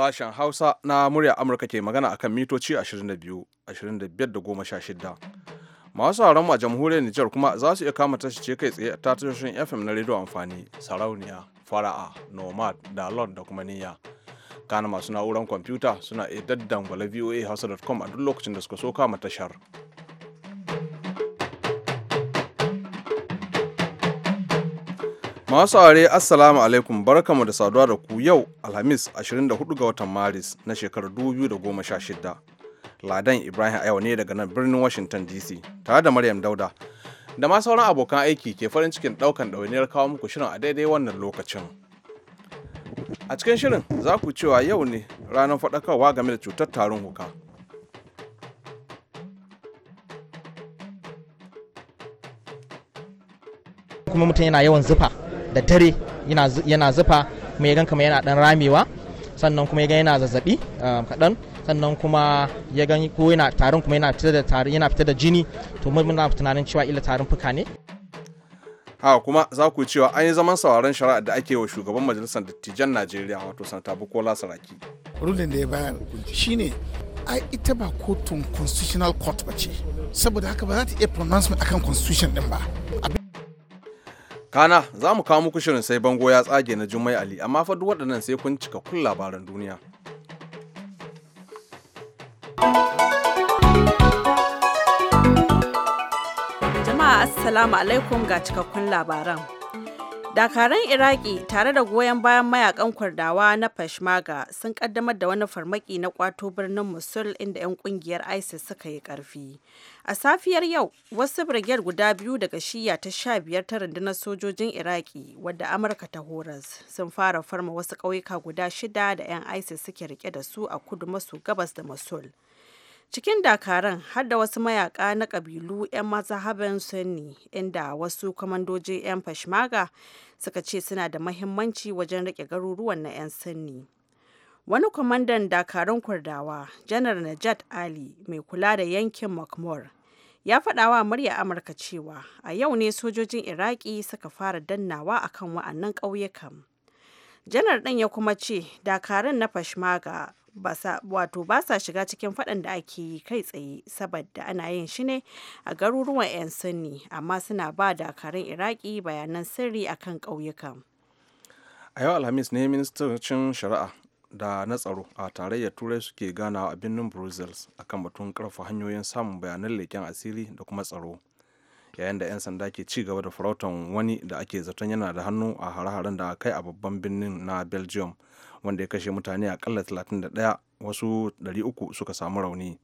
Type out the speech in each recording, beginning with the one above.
Sashen Hausa na murya Amurka ke magana akan mitoci 22, 25 Masu sauran a jamhuriyar Nijar kuma za su iya kama ce kai tsaye ta tashoshin FM na rediyo amfani, sarauniya, fara'a, nomad, dalon da kuma niyya. Kana masu na'urar kwamfuta suna iya daddangwala voa hausa.com a duk lokacin da suka so kama tashar. Masu aure Assalamu alaikum barkamu da saduwa da ku yau Alhamis 24 ga watan Maris na shekarar 2016. Ladan Ibrahim yau ne daga nan birnin Washington DC tare da Maryam Dauda. Da ma sauran abokan aiki ke farin cikin daukan ɗawainiyar kawo muku shirin a daidai wannan lokacin. A cikin shirin za ku cewa yau ne ranar faɗakarwa game da cutar tarin huka. kuma mutum yana yawan zufa da dare yana zufa kuma ya gan kamar yana dan ramewa sannan kuma ya gan yana zazzabi um, kaɗan sannan kuma ya gan ko yana tarin kuma yana fitar da tarin yana fitar da jini to muna tunanin cewa illa tarin fuka ne Ha kuma za ku cewa an yi zaman sauraron shari'a da ake wa shugaban majalisar dattijan najeriya wato Santa bukola saraki rulin da ya bayar shine a ita ba kotun constitutional court ba ce saboda haka ba za ta iya pronouncement akan constitution din ba Kana za mu kawo muku shirin sai bango ya tsage na Jummai Ali amma fa duk waɗannan sai kun cika kun labaran duniya. Jama'a Assalamu alaikum ga cikakkun labaran. Dakaran Iraki tare da goyon bayan mayakan Kurdawa na Peshmerga sun kaddamar da wani farmaki na kwato birnin Mosul inda 'yan kungiyar ISIS suka yi karfi. A safiyar yau, wasu birgiyar guda biyu daga shiya ta sha biyar ta rundunar sojojin Iraki wadda Amurka ta horas sun fara farma wasu ƙauyuka guda shida da 'yan ISIS suke rike da su a kudu maso gabas da Mosul. cikin dakaran har da wasu mayaka na kabilu 'yan mazhaban sunni inda wasu kwamandoji 'yan fashmaga suka ce suna da mahimmanci wajen rike garuruwan na 'yan sunni wani kwamandan dakarun kurdawa janar najat ali mai kula da yankin makmur ya faɗawa murya amurka cewa a yau ne sojojin iraki suka fara dannawa akan wa'annan ƙauyukan janar ɗin ya kuma ce dakarun na fashmaga wato ba sa shiga cikin fadan da ake yi kai tsaye saboda ana yin shi ne a garuruwan 'yan sani amma suna ba dakarun iraki bayanan sirri akan ƙauyukan a yau alhamis ne ministocin shari'a da na tsaro a tarayyar turai suke ganawa a birnin brussels akan batun karfa hanyoyin samun bayanan leken asiri da kuma tsaro yayin da 'yan sanda ke ci gaba da farautan wani da ake zaton yana da hannu a hare-haren da kai a babban birnin na belgium wanda ya kashe mutane akalla 31 wasu 300 suka samu rauni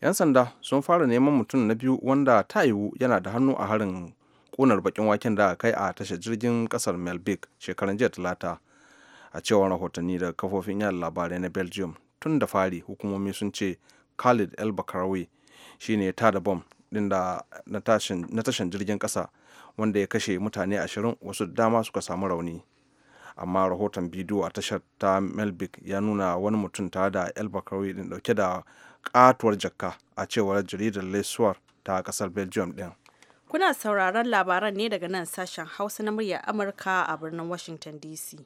'yan sanda sun fara neman mutum na biyu wanda ta yiwu yana da hannu a harin kunar bakin waken da kai a tashar jirgin kasar melbik shekaran jiya talata a cewar rahotanni daga kafofin yada labarai na belgium tun da fari hukumomi sun ce khalid el shine ya tada bom din da na tashin jirgin kasa wanda ya kashe mutane ashirin wasu dama suka samu rauni amma rahoton bidiyo a tashar ta melbic ya nuna wani mutum tare da el din dauke da katuwar jakka a cewar jaridar lesuwar ta kasar belgium din kuna sauraron labaran ne daga nan sashen hausa na murya amurka a birnin washington dc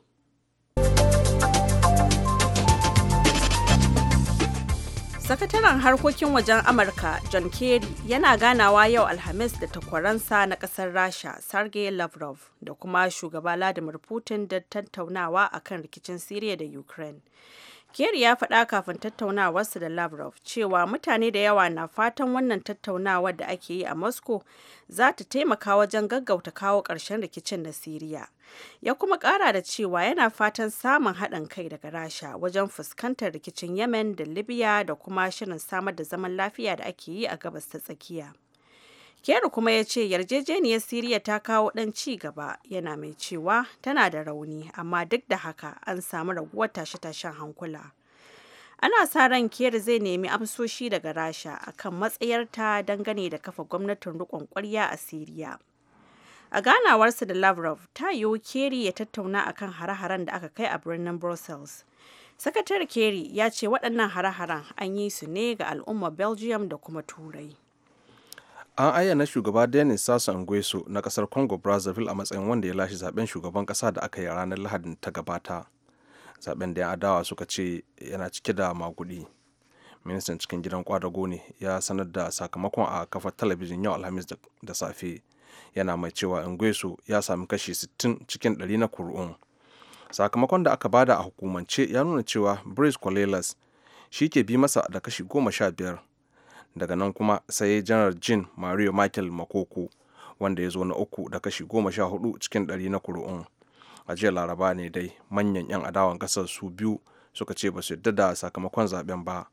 sakataren harkokin wajen amurka john kerry yana ganawa yau alhamis da takwaransa na kasar rasha sergei lavrov da kuma shugaba vladimir putin da tattaunawa akan rikicin syria da ukraine Kerry ya faɗa kafin tattaunawarsa da Lavrov cewa mutane da yawa na fatan wannan tattaunawar da ake yi a Moscow za ta taimaka wajen gaggauta kawo ƙarshen rikicin na Siriya. Ya kuma ƙara da cewa yana fatan samun haɗin kai daga Rasha wajen fuskantar rikicin Yemen da Libya da kuma shirin samar da zaman lafiya da ake yi a gabas ta tsakiya. Kerry kuma ya ce yarjejeniyar Siriya ta kawo ɗan ci gaba yana mai cewa tana da rauni amma duk da haka an samu raguwar tashe-tashen hankula. Ana sa ran Kerry zai nemi amsoshi daga Rasha akan matsayarta dangane da kafa gwamnatin riƙon ƙwarya a Siriya. A ganawarsa da Lavrov, ta yiwu Kerry ya tattauna akan hare-haren da aka kai a birnin Brussels. Sakatare Kerry ya ce waɗannan hare-haren an yi su ne ga al'ummar Belgium da kuma Turai. an ayyana shugaba denis sassou angueso na kasar congo brazzaville a matsayin wanda ya lashe zaben shugaban kasa da aka yi ranar lahadin ta gabata zaben da ya adawa suka ce yana cike da magudi ministan cikin gidan kwadago ne ya sanar da sakamakon a kafar talabijin yau alhamis da safe yana mai cewa angueso ya sami kashi 60 cikin 100 na kuri'un sakamakon da aka bada a hukumance ya nuna cewa brice colelas shi ke bi masa da kashi 15 daga nan kuma sai janar jin mario michael makoko wanda ya zo na uku da kashi goma sha hudu cikin ɗari na kuri'un a jiya laraba ne dai manyan 'yan adawan kasar su biyu suka ce ba su yadda da sakamakon zaben ba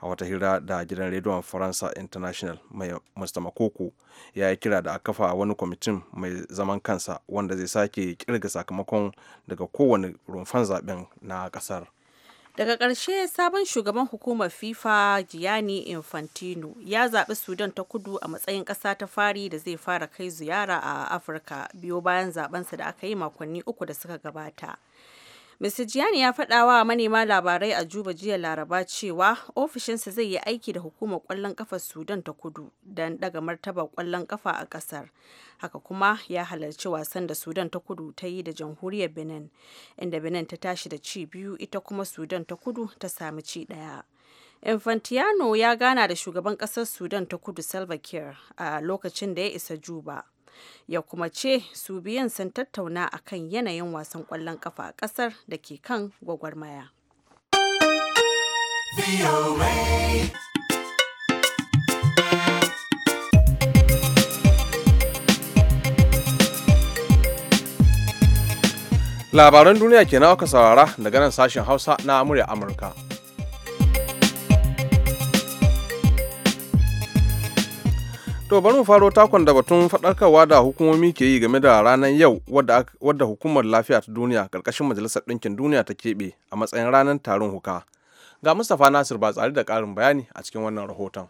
a wata hira da gidan rediyon faransa international mai mr makoko ya yi kira da a kafa wani kwamitin mai zaman kansa wanda zai sake kirga sakamakon daga kowane rumfan zaben na kasar daga ƙarshe sabon shugaban hukumar fifa gianni infantino ya zaɓi sudan ta kudu a matsayin ƙasa ta fari da zai fara kai ziyara a afirka biyo bayan zaɓensa da aka yi makonni uku da suka gabata Mr. Gianni ya faɗa wa manema labarai a Juba jiya Laraba cewa ofishinsa zai yi aiki da hukumar ƙwallon ƙafar Sudan ta kudu don daga martabar ƙwallon ƙafa a ƙasar. Haka kuma ya halarci wasan da Sudan ta kudu ta yi da jamhuriyar Benin, inda Benin ta tashi da ci biyu ita kuma Sudan ta kudu ta sami ci ɗaya. Infantiano ya gana da shugaban ƙasar Sudan ta kudu Salva Kiir a lokacin da ya isa Juba. ya kuma ce su biyan sun tattauna a kan yanayin wasan kwallon kafa a kasar da ke kan gwagwarmaya. Labaran duniya kenan aka saurara daga nan sashen Hausa na Amurya Amurka. To bari mu faro takon da batun faɗarkarwa da hukumomi ke yi game da ranar yau wadda hukumar lafiya ta duniya ƙarƙashin majalisar ɗinkin duniya ta keɓe a matsayin ranar tarin huka. Ga Mustapha Nasir ba tsari da ƙarin bayani a cikin wannan rahoton.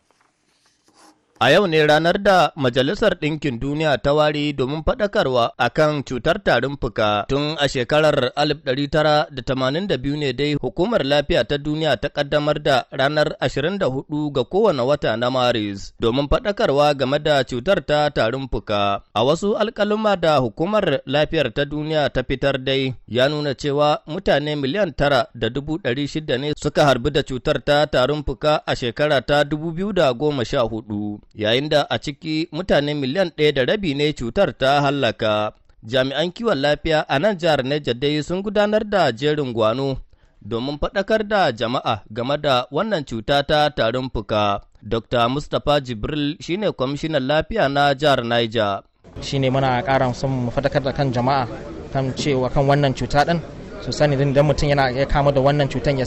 A yau ne ranar da Majalisar Ɗinkin Duniya ta Wari domin faɗakarwa a kan cutar tarin fuka tun a shekarar 1982 ne dai Hukumar Lafiya ta Duniya ta ƙaddamar da ranar 24 ga kowane wata na Maris domin faɗakarwa game da cutar ta tarin fuka. A wasu alƙaluma da Hukumar Lafiyar ta Duniya ta fitar dai ya nuna cewa mutane miliyan tara da dubu ɗari shida ne suka harbi da cutar ta tarin fuka a shekara ta 2014. yayin da a ciki mutane miliyan ɗaya da rabi ne cutar ta hallaka. Jami'an kiwon lafiya a nan jihar Niger dai sun gudanar da jerin gwano domin faɗakar da jama'a game da wannan cuta ta tarin fuka. Dr. Mustapha Jibril shine kwamishinan lafiya na jihar Niger. Shine muna ƙara son mu faɗakar da kan jama'a kan cewa kan wannan cuta ɗin su sani don mutum yana ya kama da wannan cutan ya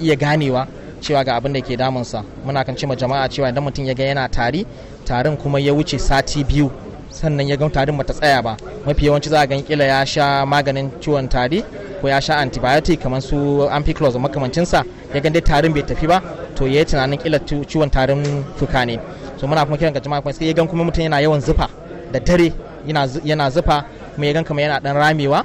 iya ganewa cewa ga abin da ke damunsa muna kan cewa jama'a cewa idan mutum ya ga yana tari tarin kuma ya wuce sati biyu sannan ya ga tarin bata tsaya ba mafi yawanci za a gan kila ya sha maganin ciwon tari ko ya sha antibiotic kamar su makamancin makamancinsa ya gan dai tarin bai tafi ba to ya yi tunanin kila ciwon tarin fuka ne so muna kuma kiran ga jama'a kuma sai ya gan kuma mutum yana yawan zufa da dare yana zufa kuma ya gan kamar yana dan ramewa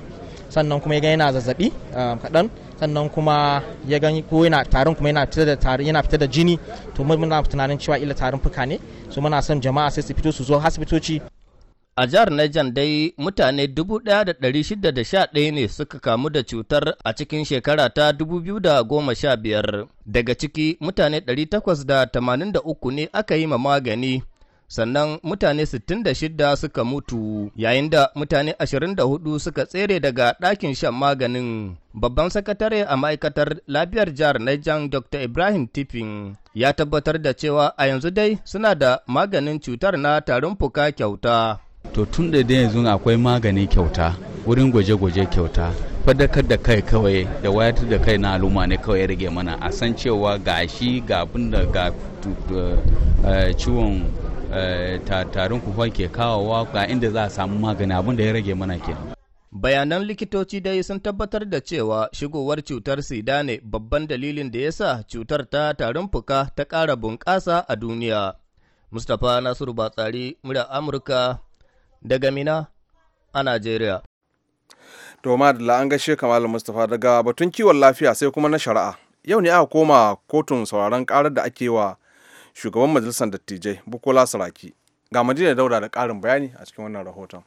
sannan kuma ya gan yana zazzabi ah, kaɗan sannan kuma ya gani ko yana tarin kuma yana fitar da tarin yana fitar da jini to muna tunanin cewa illa tarin fuka ne so muna son jama'a sai su fito su zo asibitoci a jihar Niger dai mutane 1,611 ne suka kamu da cutar a cikin shekara ta 2015 daga ciki mutane 883 ne aka yi ma magani sannan mutane 66 suka mutu yayin da mutane 24 suka tsere daga ɗakin shan maganin babban sakatare a ma'aikatar lafiyar jihar Niger Dr. Ibrahim Tipping ya tabbatar da cewa a yanzu dai suna da maganin cutar na tarin fuka kyauta. To tun da dai yanzu akwai magani kyauta, wurin gwaje-gwaje kyauta, fadakar da kai kawai da wayar da kai na al'umma ne kawai rage mana a san cewa gashi shi ga abin da ga eh, ciwon Eh, tarin kufan ke kawowa ga inda za a samu magani abin da ya rage mana kenan bayanan likitoci dai sun tabbatar da cewa shigowar cutar sida ne babban dalilin da ya sa cutar ta tarin fuka ta ƙara bunƙasa a duniya mustapha nasiru batsari mura amurka daga mina a najeriya to madalla an gaishe kamalu mustapha daga batun kiwon lafiya sai kuma na shari'a yau ne aka koma kotun sauraron karar da ake wa shugaban majalisar dattijai bukola saraki ga madina daura da ƙarin bayani a cikin wannan rahoton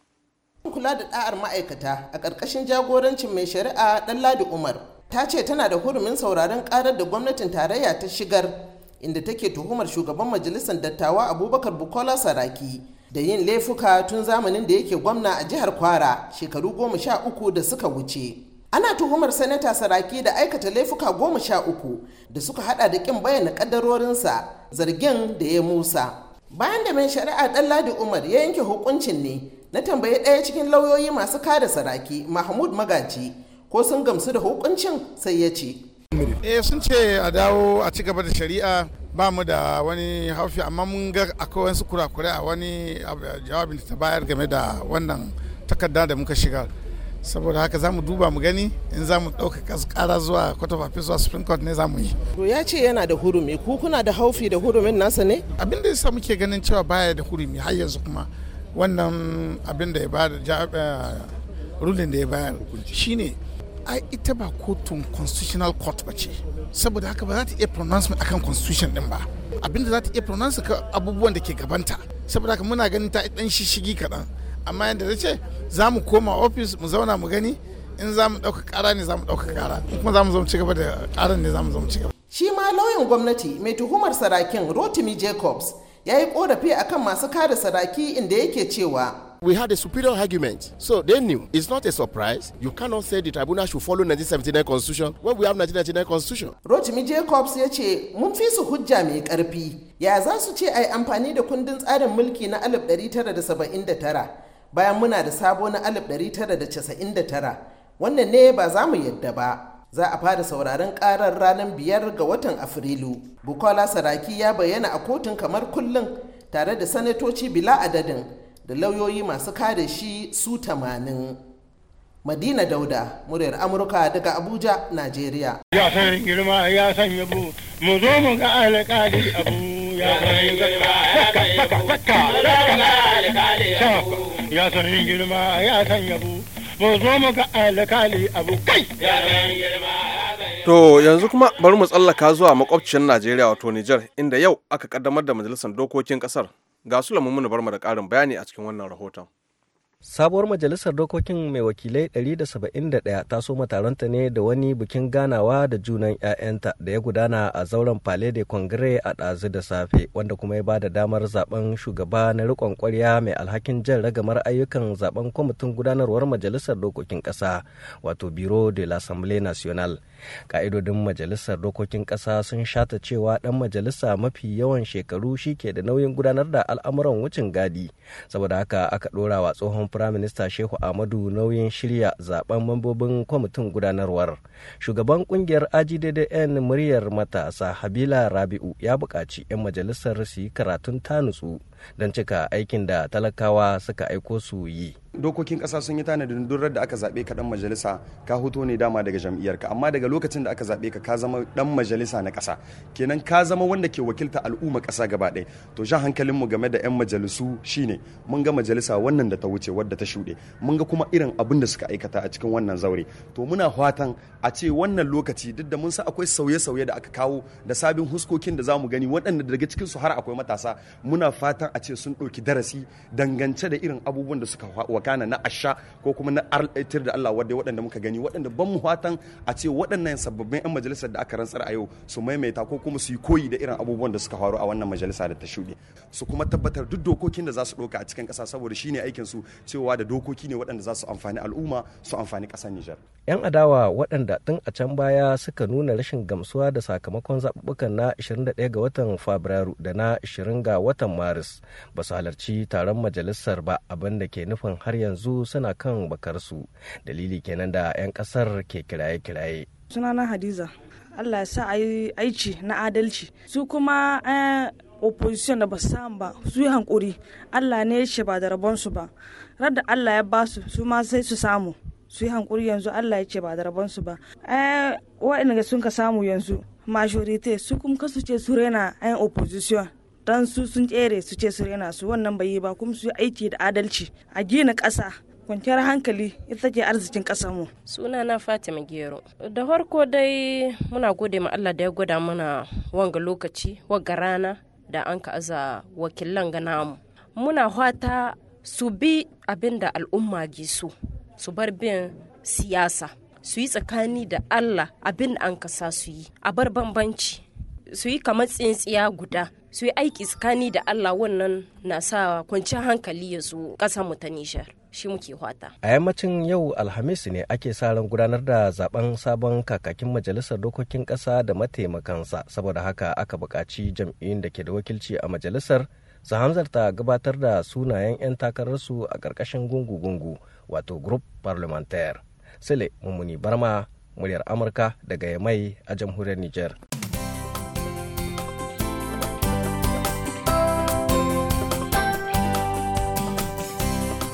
kula da da'ar ma'aikata a ƙarƙashin jagorancin mai shari'a ɗanladi umar ta ce tana da hurumin sauraron ƙarar da gwamnatin tarayya ta shigar inda take tuhumar shugaban majalisar dattawa abubakar bukola saraki da yin laifuka tun zamanin da yake gwamna a jihar kwara shekaru goma sha uku da suka wuce ana tuhumar sanata saraki da aikata laifuka goma sha uku da suka hada da kin bayyana ƙaddarorinsa. zargin da ya musa bayan da mai shari'a ɗanladi umar ya yanke hukuncin ne na tambayi ɗaya cikin lauyoyi masu kada saraki mahmud magaji ko sun gamsu da hukuncin sai ya ce eh sun ce a dawo a ci gaba da shari'a ba mu da wani haufi amma mun ga akwai wasu kurakurai a wani jawabin da ta bayar game da wannan takarda da muka shiga saboda haka za mu duba mu gani in za mu ɗauka ƙara zuwa court of zuwa supreme court ne za mu yi. to ya ce yana da hurumi ku kuna da haufi da hurumin nasa ne. abin da yasa muke ganin cewa baya da hurumi har yanzu kuma wannan abin da ya ba da eh, rulin da ya bayar shine ai ita ba kotun constitutional court ba ce saboda haka ba za ta iya pronouncement akan constitution din ba Abinda da za ta iya pronounce abubuwan da ke gabanta saboda haka muna ganin ta ɗan shishigi kaɗan amma yadda ta ce za mu koma ofis mu zauna mu gani in za mu ɗauka ƙara ne za mu ɗauka ƙara kuma za mu zo mu ci gaba da ƙaran ne za mu zo mu ci gaba. shi ma lauyan gwamnati mai tuhumar sarakin rotimi jacobs ya yi korafi akan masu kare saraki inda yake cewa we had a superior argument. So they knew it's not a surprise. You cannot say the tribunal should follow 1979 constitution when we have 1999 constitution. Rotimi Jacobs ya ce mun fi su hujja mai karfi. Ya za su ce a yi amfani da kundin tsarin mulki na 1979 bayan muna da sabo na 1999 wannan ne ba za mu yadda ba za a fara sauraron karar ranar biyar ga watan afrilu bukola saraki ya bayyana a kotun kamar kullum tare da sanatoci bila adadin da lauyoyi masu kare shi su tamanin madina dauda muryar amurka daga abuja nigeria ya san girma ya san yabo mu zo mu ga alƙali abu ya san girma ya san yabo zo mu ga alkali abu kai To yanzu kuma bari mu tsallaka zuwa makwabcin Najeriya wato Nijar inda yau aka kaddamar da majalisar dokokin kasar. Ga su lamu bar mu da ƙarin bayani a cikin wannan rahoton. Sabuwar majalisar dokokin mai wakilai 171 ta soma taronta ne da wani bikin ganawa da junan 'ya'yanta da ya gudana a zauren Palais de Congrès a ɗazu da safe wanda kuma ya ba da damar zaben shugaba na rikon kwarya mai alhakin jan ragamar ayyukan zaben kwamitin gudanarwar majalisar dokokin ƙasa wato Biro de l'Assemblée Nationale. Ka'idodin majalisar dokokin ƙasa sun shata cewa ɗan majalisa mafi yawan shekaru shi ke da nauyin gudanar da al'amuran wucin gadi saboda haka aka ɗora wa tsohon kan firaminista shehu amadu nauyin shirya zaben mambobin kwamitin gudanarwar shugaban kungiyar ajiddn muryar matasa habila rabi'u ya bukaci 'yan majalisar su yi karatun nutsu don cika aikin da talakawa suka aiko su yi. Dokokin ƙasa sun yi tanadin durar da aka zaɓe ka ɗan majalisa ka hoto ne dama daga jam'iyyar ka amma daga lokacin da aka zaɓe ka ka zama ɗan majalisa na ƙasa kenan ka zama wanda ke wakilta al'umma ƙasa gaba ɗaya to jan hankalinmu game da 'yan majalisu shine mun ga majalisa wannan da ta wuce wadda ta shuɗe mun ga kuma irin abin da suka aikata a cikin wannan zaure to muna fatan a ce wannan lokaci duk da mun sa akwai sauye-sauye da aka kawo da sabin huskokin da za mu gani waɗanda daga cikinsu har akwai matasa muna fatan kusan a ce sun ɗauki darasi dangance da irin abubuwan da suka wakana na asha ko kuma na artir da Allah wadda waɗanda muka gani waɗanda ban mu fatan a ce waɗannan sababbin 'yan majalisar da aka rantsar a yau su maimaita ko kuma su yi koyi da irin abubuwan da suka faru a wannan majalisa da ta shuɗe su kuma tabbatar duk dokokin da za su ɗauka a cikin ƙasa saboda shine aikin su cewa da dokoki ne waɗanda za su amfani al'umma su amfani ƙasar Nijar. 'yan adawa waɗanda tun a can baya suka nuna rashin gamsuwa da sakamakon zaɓuɓɓukan na 21 ga watan fabrairu da na 20 ga watan maris ba su halarci taron majalisar ba abin da ke nufin har yanzu suna kan bakarsu dalili kenan da 'yan ƙasar ke kiraye-kiraye sunana hadiza allah ya sa aici na adalci su kuma eh, opposition da ba samu ba su yi hankuri allah ne ya ce ba da rabonsu ba radda allah ya ba su su ma sai su samu su yi hankuri yanzu Allah ya ce ba da rabansu ba eh, da sun ka samu yanzu majorite su kuma kasu ce su rena ayin opposition dan su sun tsere su ce su rena su wannan bai yi ba kuma su yi aiki da adalci a gina ƙasa kwanciyar hankali ita ce arzikin ƙasar mu suna na fatima gero da farko dai muna gode ma allah da ya gwada mana wanga lokaci wanga rana da an ka aza wakilan ga namu muna hwata su bi abinda al'umma gisu su bar bin siyasa su yi tsakani da allah abin da an kasa su yi a bar bambanci su yi kamar tsintsiya guda su yi aiki tsakani da allah wannan na sa kwanciyar hankali ya zo ƙasar mu ta nijar shi muke hwata. A yammacin yau Alhamis ne ake sa ran gudanar da zaben sabon kakakin majalisar dokokin ƙasa da mataimakansa saboda haka aka bukaci jam'iyyun da ke da wakilci a majalisar su hanzarta gabatar da sunayen 'yan takararsu a ƙarƙashin gungu-gungu wato group parliamentaire sule mummuni barma muryar amurka daga yamai a jamhuriyar niger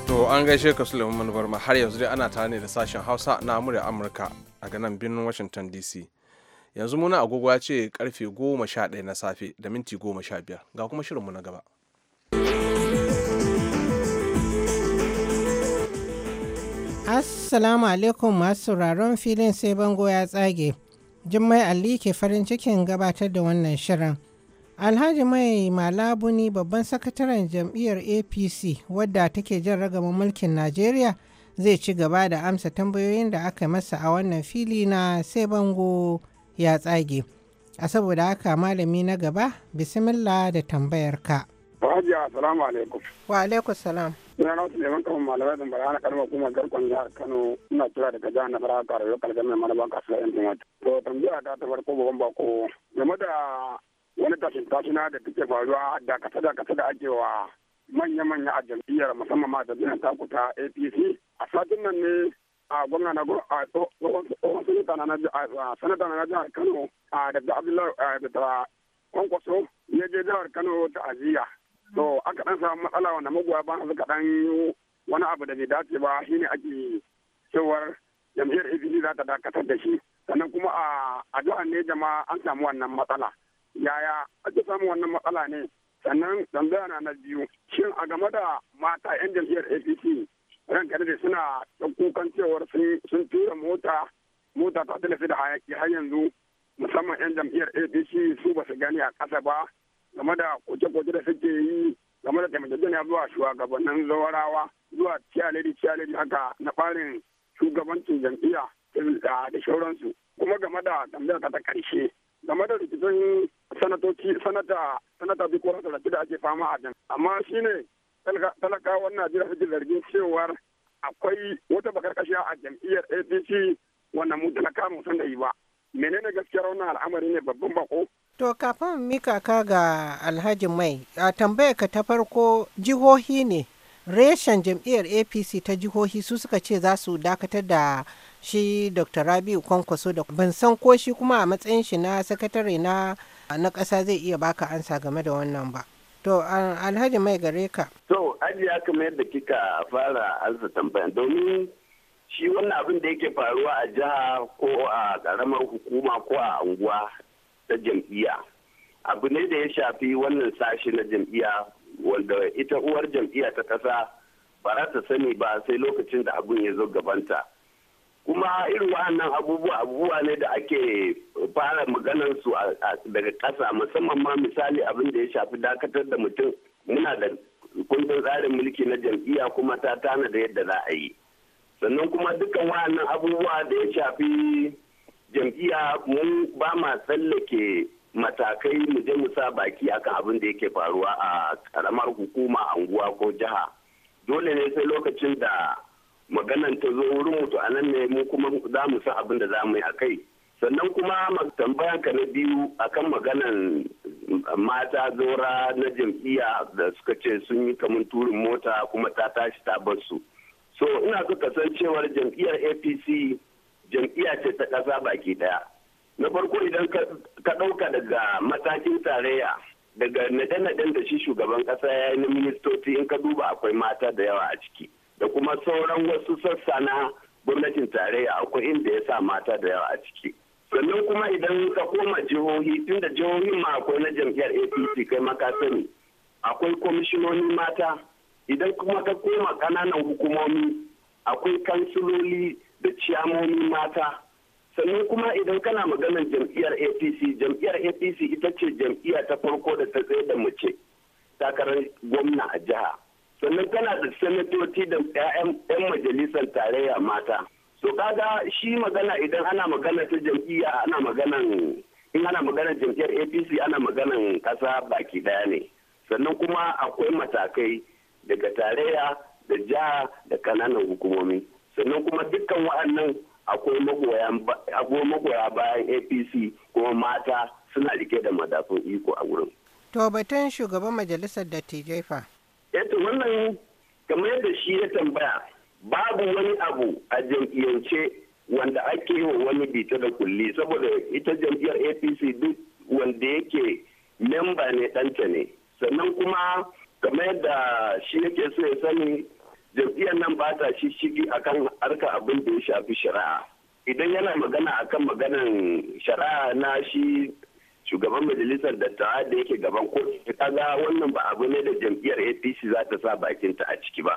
to an gaishe ka sule barma har yanzu dai ana tare ne da sashen hausa na muryar amurka a ganan birnin washington dc yanzu muna agogo ya ce karfe goma na safe da minti goma sha biyar ga kuma shirinmu na gaba Assalamu alaikum masu sauraron filin sai bango ya tsage. Jummai Ali ke farin cikin gabatar da wannan shirin. Alhaji Mai Malabuni babban sakataren jam'iyyar APC wadda take jan ragama mulkin Najeriya zai ci gaba da amsa tambayoyin da aka masa a wannan fili na sai bango ya tsage. A saboda haka malami na gaba, bismillah da tambayarka. Wa alaikum. Wa alaikum salam. sunana wasu leman kama malamai zan bara ana karma kuma garkon jihar kano ina kira daga jihar na fara kare yau kalgar mai mana baka sila yanzu mata to tambaya ta ta farko ba bako game da wani tashin tashina da take faruwa da kasa da kasa da ake wa manya-manya a jam'iyyar musamman ma jam'iyyar taku ta apc a satin nan ne a gwamna na a tsohon sanata na jihar kano a da abdullahi da kwankwaso ya je jihar kano ta aziya to aka dan samu matsala wanda magoya ban ka dan wani abu da bai dace ba shine ake cewar jam'iyyar APC za ta dakatar da shi sannan kuma a jihar ne jama'a an samu wannan matsala yaya ake samu wannan matsala ne sannan tambaya na biyu shin a game da mata 'yan jam'iyyar apc kada da suna kukan cewar sun tura mota mota ta talafi da hayaki har yanzu musamman 'yan jam'iyyar apc su ba su gani a ƙasa ba game da koke-koke da suke yi game da taimakekeniya zuwa shugabannin zawarawa zuwa tiyaleri tiyaleri haka na farin shugabancin jam'iyya da shauransu kuma game da tambayar ta karshe game da rikicin sanatoci sanata sanata bi koran sanata da ake fama a jan amma shine talakawan najeriya suke zargin cewar akwai wata bakarkashiya a jam'iyyar apc wannan mu talaka mu san da yi ba menene gaskiyar wannan al'amari ne babban bako To kafin mika ka ga Alhaji Mai, a tambayar ka ta farko jihohi ne, reshen jam'iyyar APC ta jihohi su suka ce za su dakatar da shi Dr. Rabiu Kwankwaso da ban san ko shi kuma a matsayin shi na sakatare na na ƙasa zai iya baka ansa game da wannan ba. To Alhaji Mai gare ka. To aji ya kamar yadda kika fara ansa tambayan domin shi wannan abin da yake faruwa a jiha ko a ƙaramar hukuma ko a anguwa ta jam'iyya abu ne da ya shafi wannan sashi na jam'iyya wanda ita uwar jam'iyya ta kasa ba za ta sani ba sai lokacin da abun ya zo gabanta kuma irin wa'annan abubuwa abubuwa ne da ake fara maganar su daga ƙasa musamman ma misali abin da ya shafi dakatar da mutum muna da kundin tsarin mulki na jam'iyya kuma ta tana da yadda za a yi sannan kuma dukkan wa'annan abubuwa da ya shafi jam'iyya mu ba ma tsallake matakai mu je mu sa baki akan abin da yake faruwa a karamar hukuma unguwa ko jiha dole ne sai lokacin da maganan ta zo wurin mutu a nan ne mu kuma za mu san abin da za mu yi a kai sannan kuma tambayan ka na biyu akan maganan mata zora na jam'iyya da suka ce sun yi kamun turin mota kuma ta tashi ta bar su so ina so kasancewar jam'iyyar apc jam'iyya ce ta ƙasa baki ɗaya. Na farko idan ka ɗauka daga matakin tarayya daga naɗe-naɗen da shi shugaban ƙasa ya yi na ministoci in ka duba akwai mata da yawa a ciki. Da kuma sauran wasu sassa na gwamnatin tarayya akwai inda ya sa mata da yawa a ciki. Sannan kuma idan ka koma jihohi tunda jihohi ma akwai na jam'iyyar APC kai ma sani. Akwai kwamishinoni mata idan kuma ka koma ƙananan hukumomi akwai kansiloli da ciyamomi mata sannan kuma idan kana maganar jam'iyyar apc jam'iyyar apc ita ce jam'iyya ta farko da ta tsaye da mace takarar gwamna a jiha sannan kana da sanatoci da 'yan majalisar tarayya mata to kaga shi magana idan ana magana ta jam'iyya ana in ana maganar jam'iyyar apc ana maganar kasa baki daya ne sannan kuma akwai matakai daga tarayya da jiha da ƙananan hukumomi sannan kuma dukkan wa'annan akwai magoya bayan apc kuma mata suna rike da madafun iko a wurin to batun shugaban majalisar dattijai fa yato eh wannan kamar yadda shi ya tambaya babu wani abu a jam'iyyance wanda ake yi wa wani bita da kulli saboda ita jam'iyyar apc duk wanda yake memba ne ɗanta ne sannan kuma kamar yadda shi yake so ya sani jam'iyyar nan ba ta shishigi kan harka abin da ya shafi shari'a idan yana magana a kan maganan shari'a na shi shugaban majalisar dattawa da yake gaban kotu kaga wannan ba abu ne da jam'iyyar apc za ta sa bakinta a ciki ba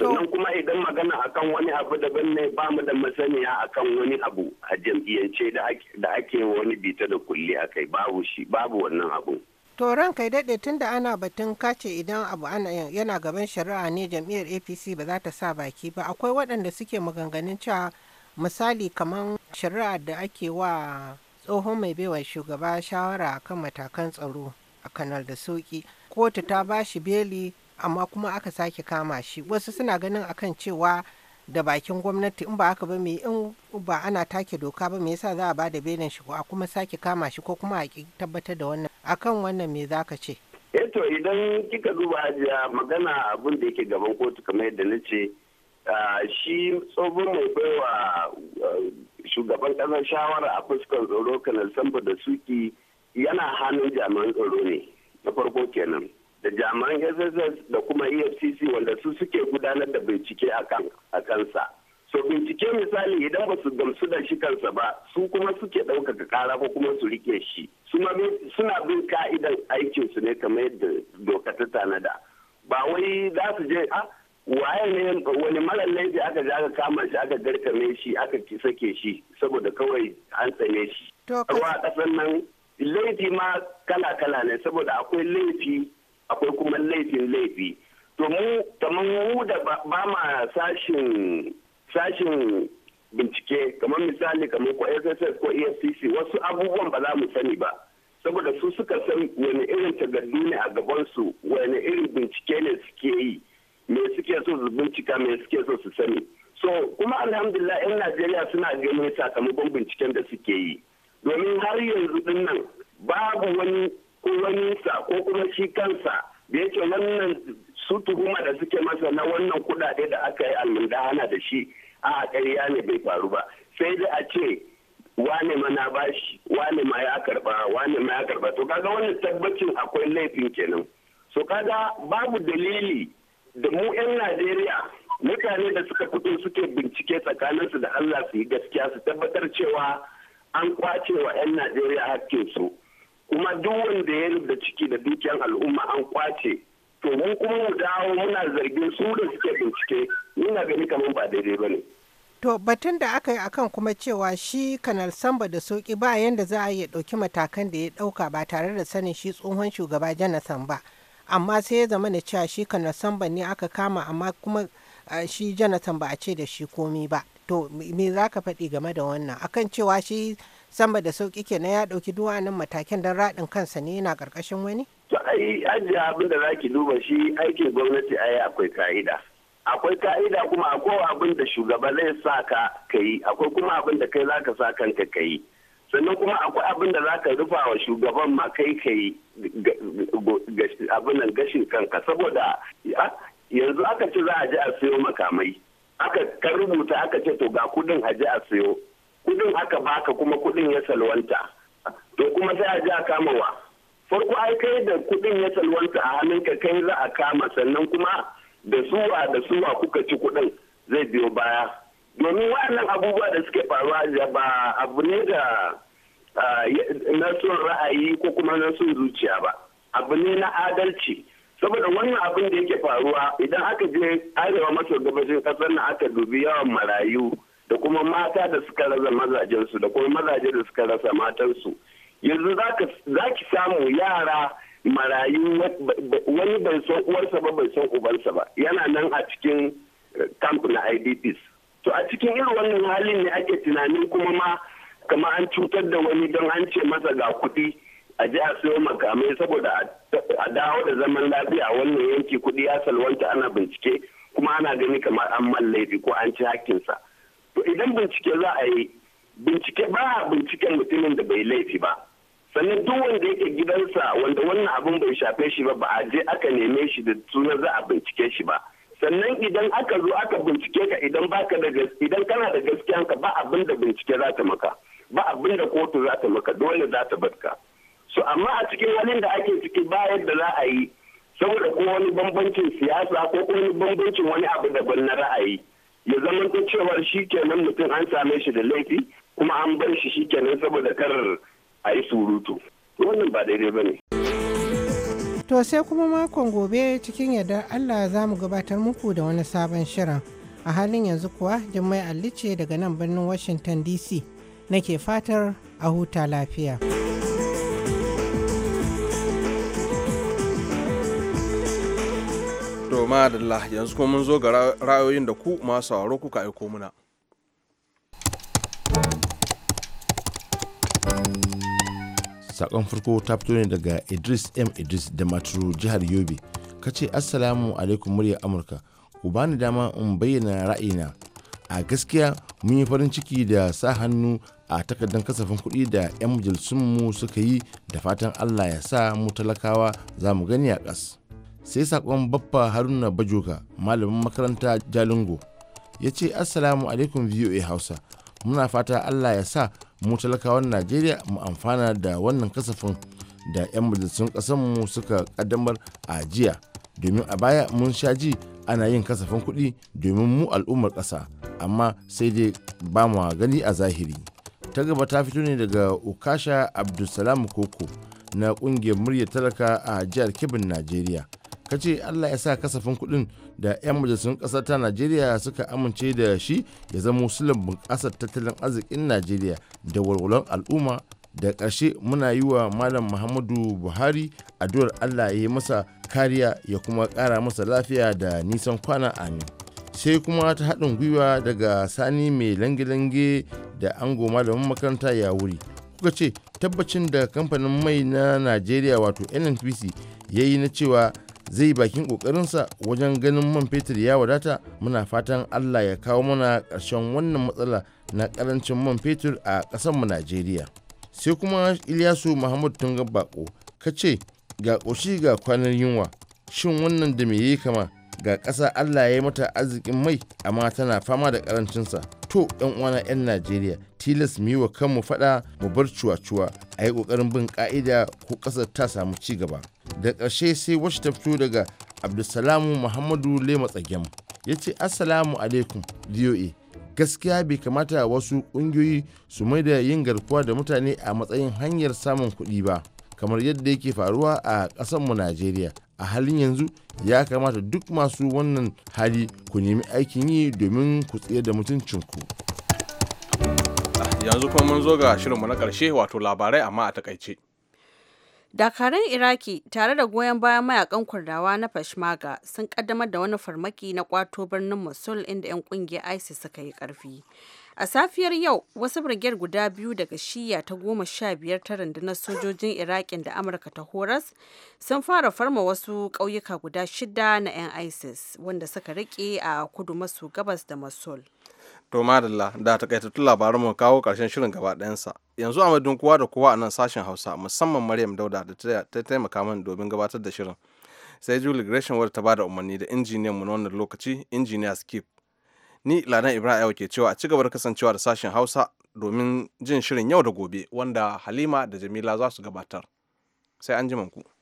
sannan kuma idan magana a kan wani abu daban ne ba mu da masaniya a kan wani abu a jam'iyyance da ake wani bita da kulle a kai babu shi babu wannan abu To ran kai daɗe tun da ana batun kace idan abu ana yana gaban shari'a ne jam'iyyar APC ba za ta sa baki ba akwai waɗanda suke maganganun cewa misali kamar shari'a da ake wa tsohon mai baiwa shugaba shawara kan matakan tsaro a kanal da soki kotu ta ba shi beli amma kuma aka sake kama shi wasu suna ganin akan cewa da bakin gwamnati in ba haka ba me in ba ana take doka ba me yasa za a ba da belin shi ko a kuma sake kama shi ko kuma a tabbatar da wannan akan wannan me za ka ce eto eh idan kika duba ajiya magana abin da yake gaban kotu kamar yadda na ce shi tsohon mai baiwa shugaban kasar shawara a fuskar tsoro kanar samba da suki yana hannun jami'an tsaro ne na farko kenan da jami'an sss da kuma efcc wanda su suke gudanar da bincike a kansa so bincike misali idan ba su gamsu da shi kansa ba su kuma suke ɗaukaka kara ko kuma su rike shi suna bin ka'idan aikinsu ne kamar yadda doka ta tanada ba wai za su je a ah, waye ne wani mara laifi aka je aka kama shi aka garkame shi aka sake shi saboda kawai an tsane shi a kasan nan laifi ma kala kala ne saboda akwai laifi akwai kuma laifin laifi to mu kamar mu da ba ma sashin sashin bincike kamar misali kamar ko sss ko efcc wasu abubuwan ba za mu sani ba saboda su suka san wani irin takardu ne a gabansu wani irin bincike ne suke yi me suke so su bincika me suke so su sani so kuma alhamdulillah 'yan najeriya suna ganin sakamakon binciken da suke yi domin har yanzu din nan babu wani sa ko kuma shi kansa da yake wannan su tuhuma da suke masa na wannan kudade da aka yi hana da shi a ƙarya ne bai faru ba sai da a ce wane ma na bashi wane ma ya karba wane ma ya karba to kaga wannan tabbacin akwai laifin kenan so kaga babu dalili da mu 'yan najeriya mutane da suka fito suke bincike tsakaninsu da allah su yi gaskiya su tabbatar cewa an kwace wa 'yan najeriya su kuma duk wanda ya da ciki da dukiyar al'umma an kwace to mun kuma mu dawo muna zargin su da suke bincike muna gani kamar ba daidai ba To batun da aka yi akan kuma cewa shi kanal samba da soki ba yadda za a iya ɗauki matakan da ya ɗauka ba tare da sanin shi tsohon shugaba janasan ba. Amma sai ya zama da cewa shi kanal samba ne aka kama amma kuma shi janasan ba a ce da shi komi ba. To me za ka faɗi game da wannan akan cewa shi samba da sauƙi kenan ya ɗauki duwanin matakin don raɗin kansa ne yana karkashin wani? To ai an ji abin da za ki duba shi aikin gwamnati ai akwai ka'ida. akwai ka'ida kuma akwai abin da shugaba zai sa ka kai akwai kuma abin da kai zaka sa kanka kai sannan kuma akwai abin da zaka rufa wa shugaban ma kai ka yi abin nan gashin kanka saboda ah, yanzu aka ce za a ji a sayo makamai aka ka rubuta aka ce to ga kudin a ji a sayo kudin aka baka kuma kudin ya salwanta to kuma sai a ji a kama wa farko ai kai da kudin ya salwanta a hannunka kai za a kama sannan kuma da suwa da suwa kuka ci kuɗin zai biyo baya domin waɗannan abubuwa da suke faruwa ba abu ne da na son ra'ayi ko kuma na son zuciya ba abu ne na adalci saboda wannan abin da yake faruwa idan aka je arewa maso gabashin ƙasar na aka dubi yawan marayu da kuma mata da suka rasa mazajensu da kuma mazaje da suka rasa matansu yanzu za ki samu yara marayu wani bai san uwarsa ba bai san ubansa ba yana nan a cikin eh, camp na idps to a cikin irin wannan halin ne ake tunanin kuma ma kama an cutar da wani don an ce masa ga kuɗi a ji a sayo makamai saboda a dawo da zaman lafiya wannan yanki kuɗi ya salwanta ana bincike kuma ana gani kamar an man laifi ko an ci hakkinsa to idan bincike za a yi bincike ba binciken mutumin da bai laifi ba sannan duk wanda yake gidansa wanda wannan abin bai shafe shi ba ba a je aka neme shi da suna za a bincike shi ba sannan idan aka zo aka bincike ka idan baka da idan kana da gaskiya ka ba abin da bincike za ta maka ba abin da kotu za ta maka dole za ta barka so amma a cikin wani da ake ciki ba yadda za a yi saboda ko wani bambancin siyasa ko wani bambancin wani abu daban na ra'ayi ya zama ta cewar shi kenan mutum an same shi da laifi kuma an bar shi shi kenan saboda karar a yi surutu wannan ba daidai ba ne to sai kuma makon gobe cikin yardar allah za mu gabatar muku da wani sabon shirin a halin yanzu kuwa jimmai allice daga nan birnin washington dc nake fatar a huta lafiya. To yanzu kuma mun zo ga ra'ayoyin da ku masu sauraro kuka aiko muna. sakon farko ta fito ne daga idris m idris da maturu jihar yobe ka ce assalamu alaikum murya amurka ku bani dama in bayyana ra'ayina a gaskiya mun yi farin ciki da sa hannu a takardar kasafin kuɗi da 'yan mu suka yi da fatan allah ya sa mu talakawa za mu gani a ƙas sai sakon baffa haruna bajoka malamin makaranta jalingo ya ce assalamu alaikum voa hausa muna fata allah ya sa mu talakawan najeriya mu amfana da wannan kasafin da 'yan majalisun mu suka kaddamar a jiya domin a baya mun sha ji ana yin kasafin kuɗi domin mu al'ummar ƙasa amma sai dai ba mu gani a zahiri ta gaba ta fito ne daga ukasha abdulsalam koko na ƙungiyar muryar talaka a jihar kebin najeriya ka ce allah ya sa kasafin kuɗin da 'yan majalisun ƙasar ta najeriya suka amince da shi ya zama musulun bunƙasar tattalin arzikin najeriya da walwalan al'umma da ƙarshe muna yi wa malam muhammadu buhari addu'ar allah ya yi masa kariya ya kuma ƙara masa lafiya da nisan kwana amin sai kuma ta haɗin gwiwa daga sani mai langilange da ango malamin makaranta ya wuri kuka ce tabbacin da kamfanin mai na najeriya wato nnpc ya yi na cewa zai yi bakin kokarinsa wajen ganin man fetur ya wadata muna fatan allah ya kawo mana karshen wannan matsala na karancin man fetur a mu najeriya sai kuma iliyasu muhammad tun bako ka ce ga ƙoshi ga kwanar yunwa shin wannan da me yi kama ga ƙasa allah ya yi mata arzikin mai amma tana fama da karancinsa to yan uwana yan najeriya tilas mu yi wa kanmu faɗa mu bar cuwa-cuwa a yi ƙoƙarin bin ƙa'ida ko ƙasar ta samu ci gaba da ƙarshe sai wacce ta fito daga abdulsalamu muhammadu lema tsagem ya ce assalamu alaikum voa gaskiya bai kamata wasu ƙungiyoyi su mai da yin garkuwa da mutane a matsayin hanyar samun kuɗi ba kamar yadda yake faruwa a mu najeriya a halin yanzu ya kamata duk masu wannan hali ku nemi aikin yi domin ku tsaye da mutuncinku ah, yanzu kuma mun zo ga shirinmu na karshe wato labarai amma a takaice. Dakarun Iraki tare da goyon bayan mayakan Kurdawa na Peshmerga sun kaddamar da wani farmaki na kwato birnin Mosul inda 'yan kungiyar ISIS suka yi karfi. A safiyar yau, wasu birgiyar guda biyu daga shiya ta goma sha biyar ta rundunar sojojin iraqin da Amurka ta horas sun fara farma wasu ƙauyuka guda shida na 'yan ISIS wanda suka rike a kudu maso gabas da Mosul. To madalla da takaitattun labaran mu kawo karshen shirin gaba sa Yanzu a madun kowa da kowa a nan sashen Hausa musamman Maryam Dauda da ta taimaka min domin gabatar da shirin. Sai Julie Gresham wadda ta da umarni da injiniyan mu na wannan lokaci injiniya Skip. Ni Ladan Ibrahim ke cewa a cigaba da kasancewa da sashen Hausa domin jin shirin yau da gobe wanda Halima da Jamila za su gabatar. Sai an ji ku.